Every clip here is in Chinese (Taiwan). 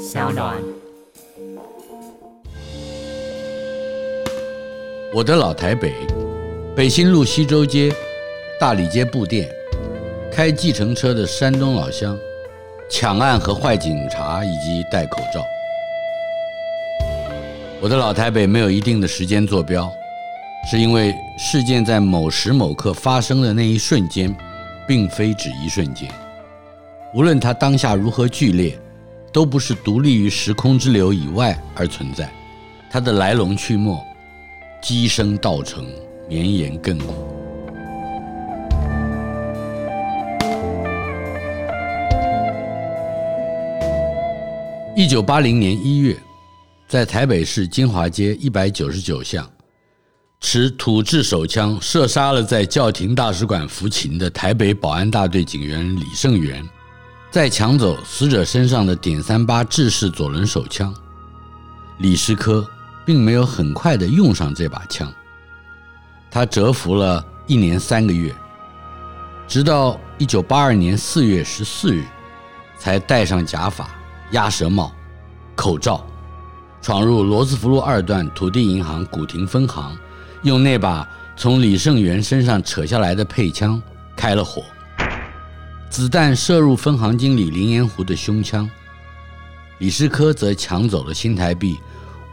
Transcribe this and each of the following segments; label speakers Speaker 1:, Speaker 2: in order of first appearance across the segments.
Speaker 1: SoundOn 我的老台北，北新路溪洲街，大理街布店，開計程車的山東老鄉，搶案和壞警察以及戴口罩。我的老台北沒有一定的時間坐標，是因為事件在某時某刻發生的那一瞬間，並非只一瞬間，無論它當下如何劇烈。都不是獨立於時空之流以外而存在，它的來龍去脈，機生道成，綿延亙古。一九八零年一月，在台北市金華街一百九十九巷，持土制手槍射殺了在教廷大使館執勤的台北保安大隊警員李勝源。在搶走死者身上的點三八制式左輪手槍，李師科並沒有很快的用上這把槍。他蟄伏了一年三個月，直到一九八二年四月十四日，才戴上假髮、鴨舌帽、口罩，闖入羅斯福路二段土地銀行古亭分行，用那把從李盛元身上扯下來的配槍開了火。子彈射入分行經理林延湖的胸腔，李師科則搶走了新台幣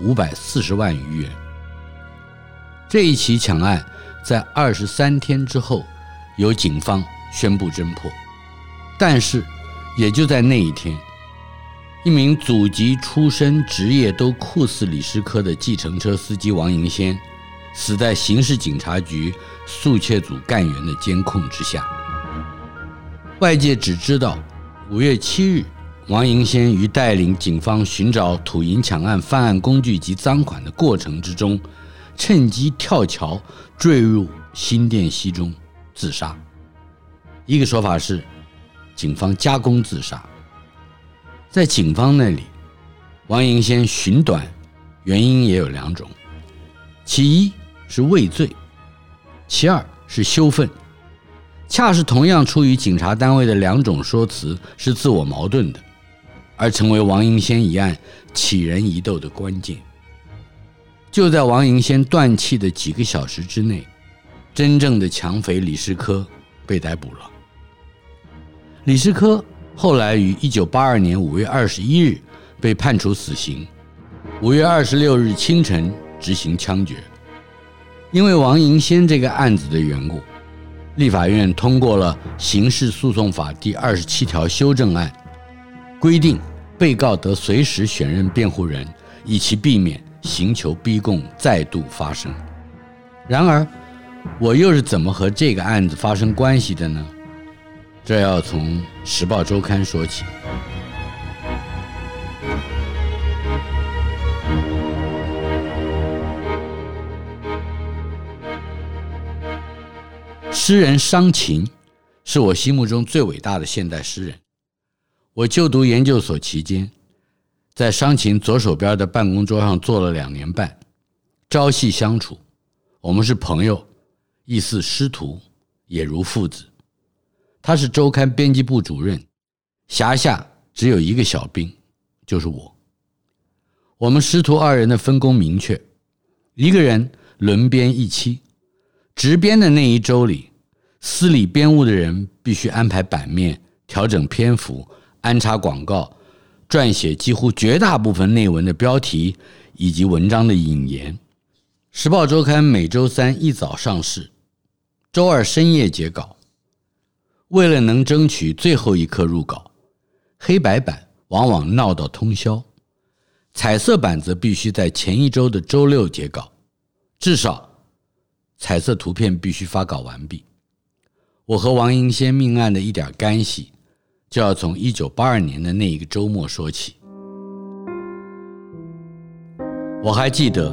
Speaker 1: 五百四十萬餘元。這一起搶案在二十三天之後由警方宣布偵破，但是也就在那一天，一名祖籍、出身、職業都酷似李師科的計程車司機王迎先，死在刑事警察局肅竊組幹員的監控之下。外界只知道，五月七日，王迎先於帶領警方尋找土銀搶案犯案工具及贓款的過程之中，趁機跳橋，墜入新店溪中自殺。一個說法是，警方加工自殺。在警方那裡，王迎先尋短，原因也有兩種，其一是畏罪，其二是羞憤。恰是同樣出於警察單位的兩種說辭是自我矛盾的，而成為王迎先一案起人疑竇的關鍵。就在王迎先斷氣的幾個小時之內，真正的搶匪李師科被逮捕了。李師科後來於一九八二年五月二十一日被判處死刑，五月二十六日清晨執行槍決。因為王迎先這個案子的緣故。立法院通過了《刑事訴訟法》第二十七條修正案，規定被告得隨時選任辯護人，以期避免刑求逼供再度發生。然而，我又是怎麼和這個案子發生關係的呢？這要從《時報周刊》說起。詩人商禽是我心目中最偉大的現代詩人。我就讀研究所期間，在商禽左手邊的辦公桌上坐了兩年半，朝夕相處。我們是朋友，亦似師徒，也如父子。他是周刊編輯部主任，轄下只有一個小兵，就是我。我們師徒二人的分工明確，一個人輪編一期，執編的那一周裡，司理編務的人必須安排版面、調整篇幅、安插廣告、撰寫幾乎絕大部分內文的標題以及文章的引言。《時報週刊》每周三一早上市，周二深夜截稿。為了能爭取最後一刻入稿，黑白版往往鬧到通宵，彩色版則必須在前一周的周六截稿，至少彩色圖片必須發稿完畢。我和王英仙命案的一點干係，就要從一九八二年的那一個周末說起。我還記得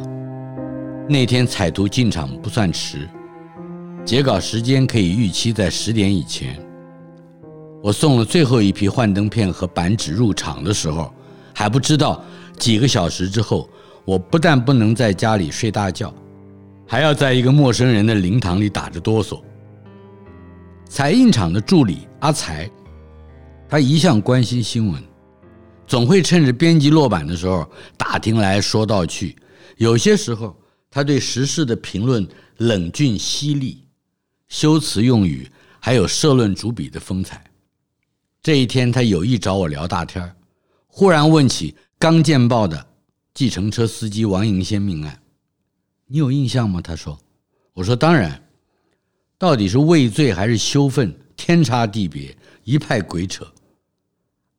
Speaker 1: 那天彩圖進場不算遲，截稿時間可以預期在十點以前。我送了最後一批幻燈片和板紙入場的時候，還不知道幾個小時之後，我不但不能在家裡睡大覺，還要在一個陌生人的靈堂裡打着哆嗦。彩印廠的助理阿財，他一向關心新聞，總會趁着編輯落版的時候打聽來說道去。有些時候，他對時事的評論冷峻犀利，修辭用語還有社論主筆的風采。這一天，他有意找我聊大天兒，忽然問起剛見報的計程車司機王迎先命案，你有印象嗎？他說。我說，當然。到底是畏罪還是羞憤，天差地別，一派鬼扯。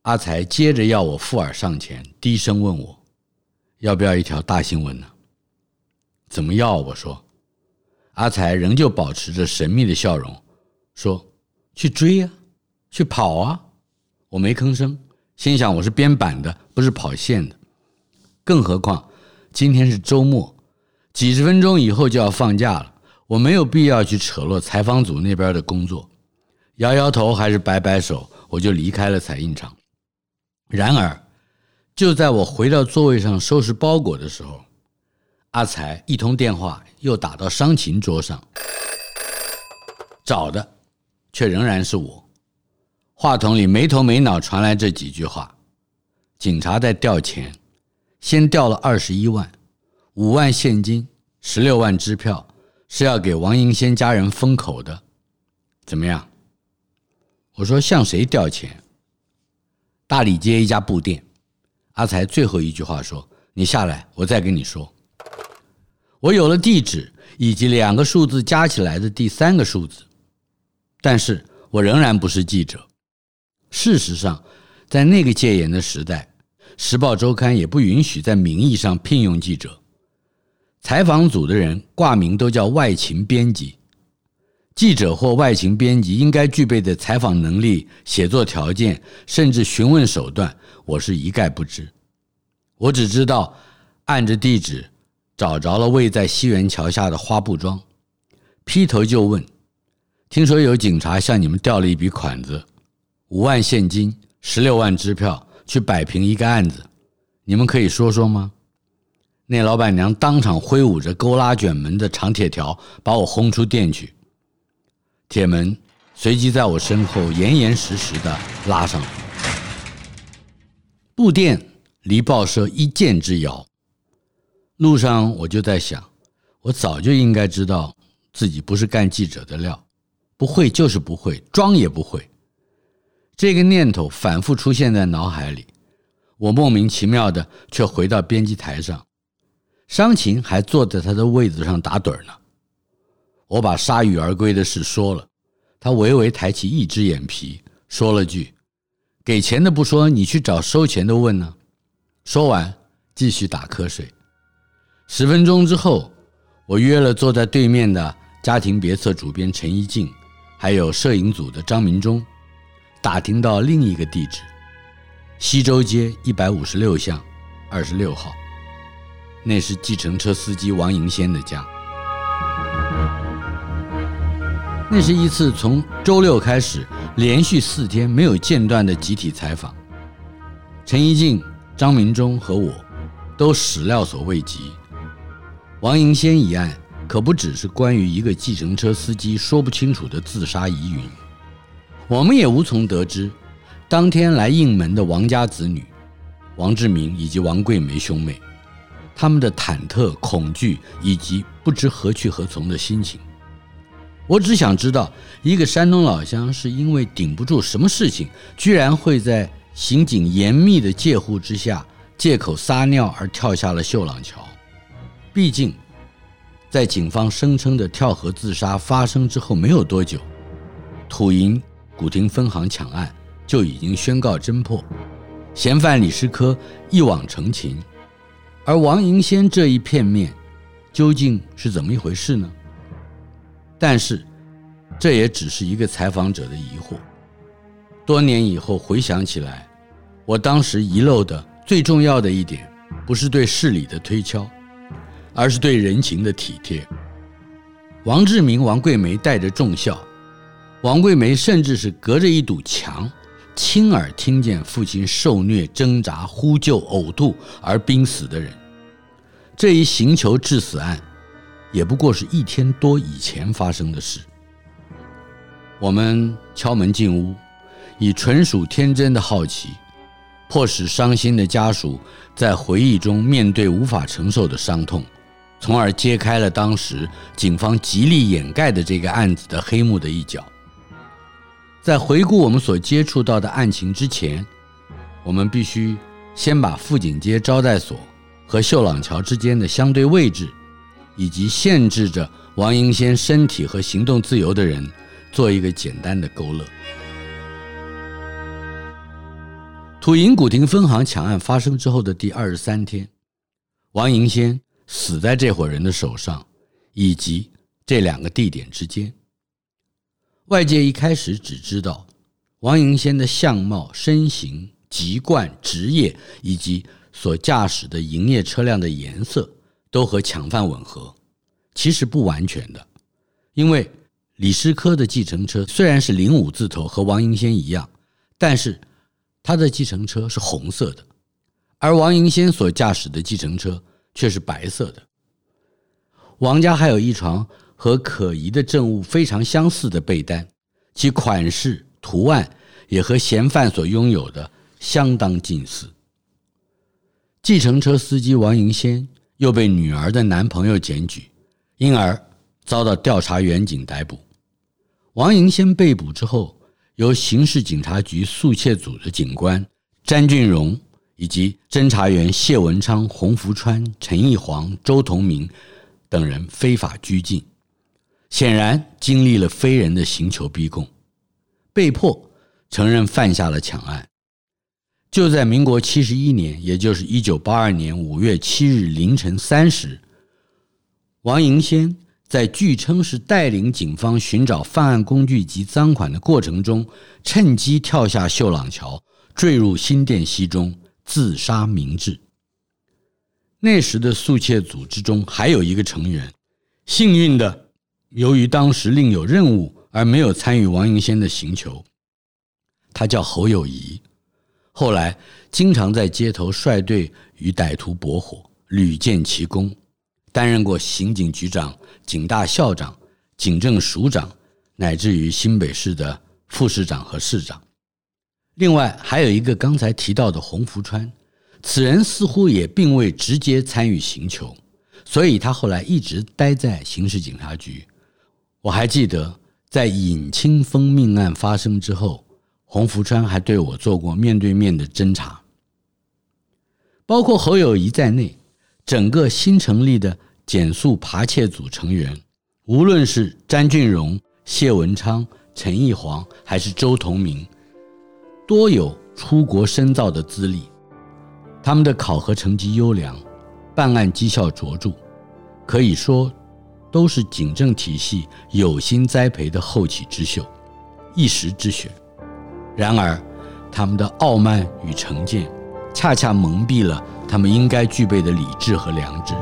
Speaker 1: 阿才接着要我附耳上前，低聲問我，要不要一條大新聞呢？怎麼要？我說。阿才仍舊保持着神秘的笑容，說：“去追呀，去跑啊。”我沒吭聲，心想我是編版的，不是跑線的。更何況，今天是周末，幾十分鐘以後就要放假了。我沒有必要去扯落採訪組那邊的工作，搖搖頭還是擺擺手，我就離開了彩印廠。然而，就在我回到座位上收拾包裹的時候，阿才一通電話又打到商禽桌上，找的卻仍然是我。話筒裡沒頭沒腦傳來這幾句話：“警察在調錢，先調了二十一萬，五萬現金，十六萬支票。”是要給王迎先家人封口的，怎麼樣？我說向誰調錢？大理街一家布店。阿財最後一句話說：“你下來，我再跟你說。”我有了地址以及兩個數字加起來的第三個數字，但是我仍然不是記者。事實上，在那個戒嚴的時代，《時報周刊》也不允許在名義上聘用記者。採訪組的人掛名都叫外勤編輯，記者或外勤編輯應該具備的採訪能力、寫作條件，甚至詢問手段，我是一概不知。我只知道按着地址找着了位在西園橋下的花布莊，劈頭就問：“聽說有警察向你們調了一筆款子，五萬現金、十六萬支票，去擺平一個案子，你們可以說說嗎？”那老闆娘當場揮舞着勾拉捲門的長鐵條，把我轟出店去。鐵門隨即在我身後嚴嚴實實的拉上。布店離報社一箭之遙。路上我就在想，我早就應該知道，自己不是幹記者的料，不會就是不會，裝也不會。這個念頭反覆出現在腦海裡，我莫名其妙的卻回到編輯台上。傷情還坐在他的位子上打盹呢，我把鎩羽而歸的事說了，他微微抬起一隻眼皮，說了句：“給錢的不說，你去找收錢的問呢。”說完，繼續打瞌睡。十分鐘之後，我約了坐在對面的家庭別冊主編陳宜靜，還有攝影組的張民忠，打聽到另一個地址：溪洲街一百五十六巷二十六號。那是計程車司機王迎先的家。那是一次從週六開始，連續四天沒有間斷的集體採訪。陳宜靜、張民忠和我都始料所未及。王迎先一案可不只是關於一個計程車司機說不清楚的自殺疑雲，我們也無從得知當天來應門的王家子女、王志明以及王貴梅兄妹。他們的忐忑、恐懼以及不知何去何從的心情，我只想知道，一個山東老鄉是因為頂不住什麼事情，居然會在刑警嚴密的戒護之下，借口撒尿而跳下了秀朗橋。畢竟，在警方聲稱的跳河自殺發生之後沒有多久，土銀古亭分行搶案就已經宣告偵破，嫌犯李師科一網成擒。而王迎先這一片面，究竟是怎麼一回事呢？但是，這也只是一個採訪者的疑惑。多年以後回想起來，我當時遺漏的最重要的一點，不是對事理的推敲，而是對人情的體貼。王志明、王貴梅帶着重孝，王貴梅甚至是隔着一堵牆。親耳聽見父親受虐、掙扎、呼救、嘔吐而瀕死的人，這一刑求致死案，也不過是一天多以前發生的事。我們敲門進屋，以純屬天真的好奇，迫使傷心的家屬在回憶中面對無法承受的傷痛，從而揭開了當時警方極力掩蓋的這個案子的黑幕的一角。在回顧我們所接觸到的案情之前，我們必須先把富錦街招待所和秀朗橋之間的相對位置，以及限制着王迎先身體和行動自由的人，做一個簡單的勾勒。土銀古亭分行搶案發生之後的第二十三天，王迎先死在這夥人的手上，以及這兩個地點之間。外界一開始只知道王迎先的相貌、身形、籍貫、職業以及所駕駛的營業車輛的顏色都和搶犯吻合，其實不完全的，因為李師科的計程車雖然是零五字頭和王迎先一樣，但是他的計程車是紅色的，而王迎先所駕駛的計程車却是白色的。王家還有一床和可疑的證物非常相似的被單，其款式圖案也和嫌犯所擁有的相當近似。計程車司機王迎先又被女兒的男朋友檢舉，因而遭到調查員警逮捕。王迎先被捕之後，由刑事警察局速竊組的警官詹俊榮以及偵查員謝文昌、洪福川、陳奕煌、周桐明等人非法拘禁。顯然經歷了非人的刑求逼供，被迫承認犯下了搶案。就在民國七十一年，也就是一九八二年五月七日凌晨三時，王迎先在據稱是帶領警方尋找犯案工具及贓款的過程中，趁機跳下秀朗橋，墜入新店溪中自殺明志。那時的肅竊組織中還有一個成員，幸運的。由於當時另有任務而沒有參與王迎先的刑求，他叫侯友宜，後來經常在街頭率隊與歹徒駁火，屢建奇功，擔任過刑警局長、警大校長、警政署長，乃至於新北市的副市長和市長。另外還有一個剛才提到的洪福川，此人似乎也並未直接參與刑求，所以他後來一直待在刑事警察局。我還記得，在尹清楓命案發生之後，洪福川還對我做過面對面的偵查。包括侯友宜在內，整個新成立的檢肅扒竊組成員，無論是詹俊榮、謝文昌、陳奕煌，還是周桐明，多有出國深造的資歷，他們的考核成績優良，辦案績效卓著，可以說，都是警政體系有心栽培的後起之秀，一時之選。然而，他們的傲慢與成見，恰恰蒙蔽了他們應該具備的理智和良知。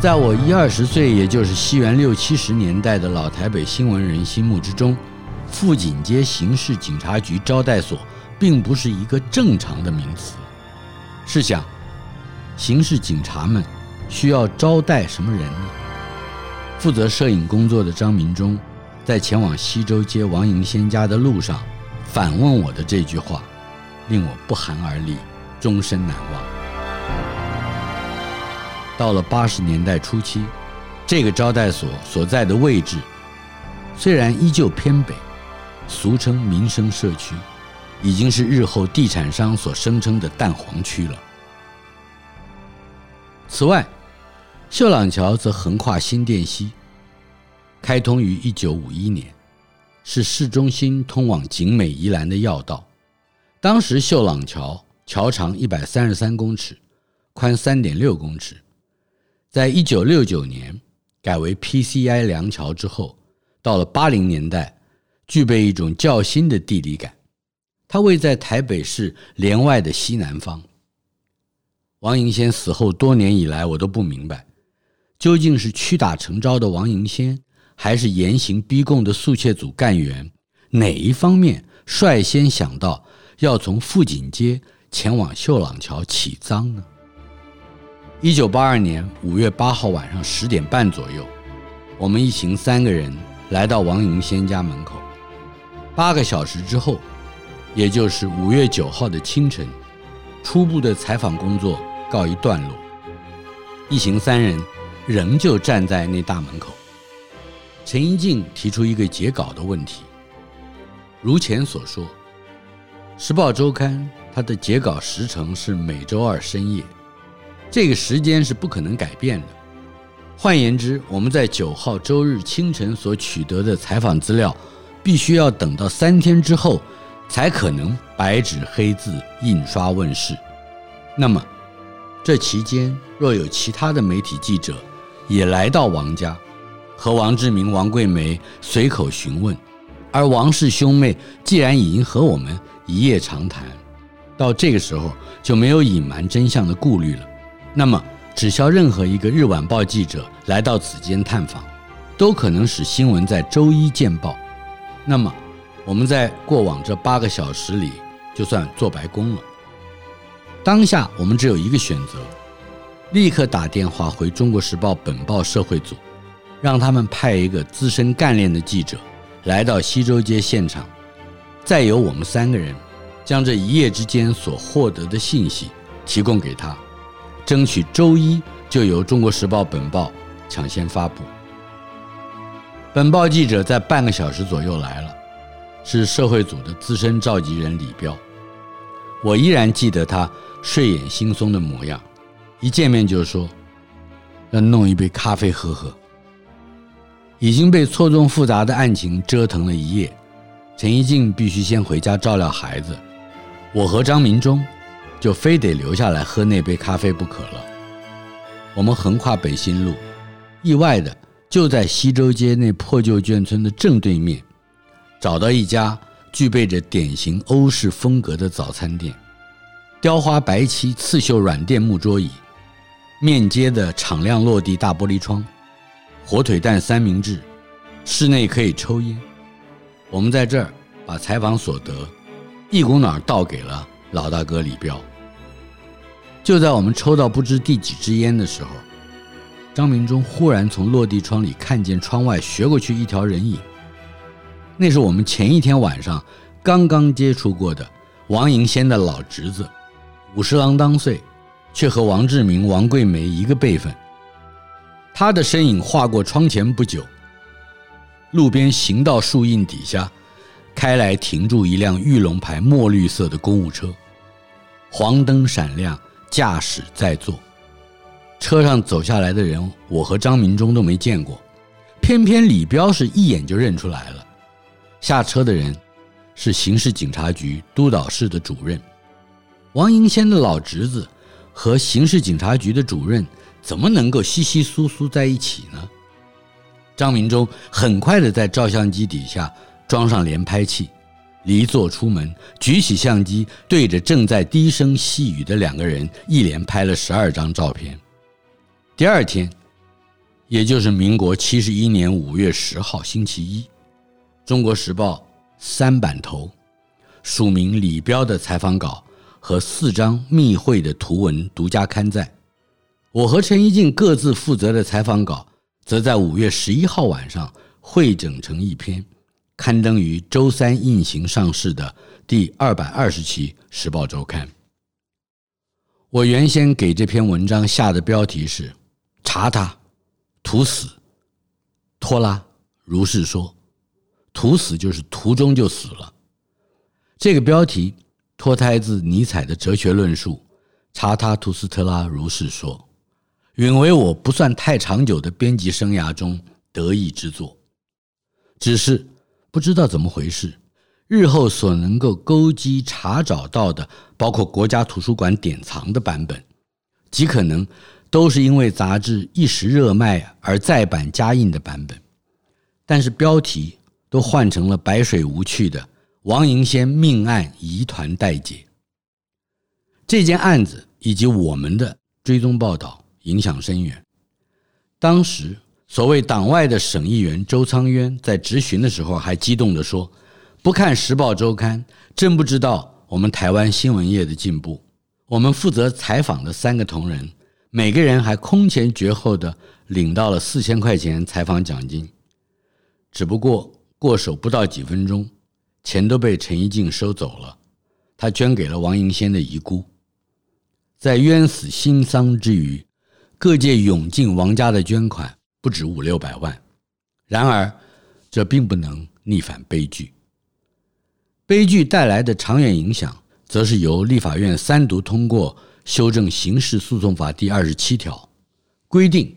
Speaker 1: 在我一二十歲，也就是西元六七十年代的老台北新聞人心目之中，富錦街刑事警察局招待所，並不是一個正常的名詞。試想，刑事警察們需要招待什麼人呢？負責攝影工作的張民忠，在前往溪洲街王迎先家的路上，反問我的這句話，令我不寒而栗，終身難忘。到了八十年代初期，這個招待所所在的位置，雖然依舊偏北，俗稱民生社區。已經是日後地產商所聲稱的“蛋黃區”了。此外，秀朗橋則橫跨新店溪，開通於1951年，是市中心通往景美、宜蘭的要道。當時秀朗橋橋長133公尺，寬3.6公尺。在1969年改為 PCI 梁橋之後，到了80年代，具備一種較新的地理感。他位在台北市聯外的西南方。王迎先死後多年以來，我都不明白，究竟是屈打成招的王迎先，還是嚴刑逼供的肅竊組幹員，哪一方面率先想到要從富錦街前往秀朗橋起贓呢？一九八二年五月八號晚上十點半左右，我們一行三個人來到王迎先家門口。八個小時之後。也就是五月九號的清晨，初步的採訪工作告一段落，一行三人仍舊站在那大門口。陳宜靜提出一個截稿的問題，如前所說，《時報週刊》它的截稿時程是每周二深夜，這個時間是不可能改變的。換言之，我們在九號周日清晨所取得的採訪資料，必須要等到三天之後。才可能白紙黑字印刷問世。那麼，這期間若有其他的媒體記者也來到王家，和王志明、王貴梅隨口詢問，而王氏兄妹既然已經和我們一夜長談到這個時候，就沒有隱瞞真相的顧慮了。那麼，只消任何一個《日晚報》記者來到此間探訪，都可能使新聞在周一見報。那麼。我們在過往這八個小時裡就算做白工了。當下我們只有一個選擇，立刻打電話回《中國時報》本報社會組，讓他們派一個資深幹練的記者來到溪洲街現場，再由我們三個人將這一夜之間所獲得的信息提供給他，爭取周一就由《中國時報》本報搶先發布。本報記者在半個小時左右來了。是社會組的資深召集人李彪，我依然記得他睡眼惺忪的模樣，一見面就說要弄一杯咖啡喝喝。已經被錯綜複雜的案情折騰了一夜，陳宜靜必須先回家照料孩子，我和張民忠就非得留下來喝那杯咖啡不可了。我們橫跨北新路，意外的就在溪洲街那破舊眷村的正對面。找到一家具備着典型歐式風格的早餐店，雕花白漆、刺繡軟墊木桌椅，面街的敞亮落地大玻璃窗，火腿蛋三明治，室內可以抽菸。我們在這兒把採訪所得一股腦倒給了老大哥李彪。就在我們抽到不知第幾支菸的時候，張民忠忽然從落地窗裡看見窗外斜過去一條人影。那是我們前一天晚上剛剛接觸過的王迎先的老侄子，五十郎當歲，卻和王志明、王貴梅，一個輩分。他的身影劃過窗前不久，路邊行道樹蔭底下開來停住一輛玉龍牌墨綠色的公務車，黃燈閃亮，駕駛在座。車上走下來的人，我和張民忠都沒見過，偏偏李彪是一眼就認出來了。下車的人是刑事警察局督導室的主任，王迎先的老侄子，和刑事警察局的主任怎麼能夠稀稀疏疏在一起呢？張民忠很快地在照相機底下裝上連拍器，離座出門，舉起相機，對着正在低聲細語的兩個人，一連拍了十二張照片。第二天，也就是民國七十一年五月十號，星期一。《中國時報》三版頭署名李彪的採訪稿和四張密會的圖文獨家刊載。我和陳宜靜各自負責的採訪稿，則在五月十一號晚上彙整成一篇，刊登於週三印行上市的第二百二十期《時報週刊》。我原先給這篇文章下的標題是：“查拉圖斯特拉如是說。”途死就是途中就死了。這個標題脫胎自尼采的哲學論述，《查他圖斯特拉》如是說，允為我不算太長久的編輯生涯中得意之作。只是不知道怎麼回事，日後所能夠鈎稽查找到的，包括國家圖書館典藏的版本，極可能都是因為雜誌一時熱賣而再版加印的版本。但是標題。都換成了白水無趣的王迎先命案疑團待解。這件案子以及我們的追蹤報道影響深遠。當時，所謂黨外的省議員周倉淵在質詢的時候還激動地說：“不看時報周刊，真不知道我們台灣新聞業的進步。”我們負責採訪的三個同仁，每個人還空前絕後地領到了四千塊錢採訪獎金。只不過。過手不到幾分鐘，錢都被陳宜靜收走了，他捐給了王迎先的遺孤。在冤死、心喪之餘，各界湧進王家的捐款不止五六百萬。然而，這並不能逆反悲劇。悲劇帶來的長遠影響，則是由立法院三讀通過修正刑事訴訟法第二十七條，規定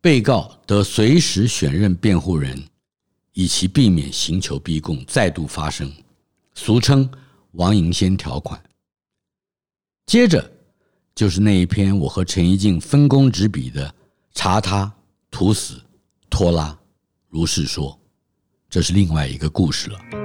Speaker 1: 被告得隨時選任辯護人。以其避免刑求逼供再度發生，俗稱“王迎先條款”。接着就是那一篇我和陳宜靜分工執筆的“查拉圖斯特拉如是說”，這是另外一個故事了。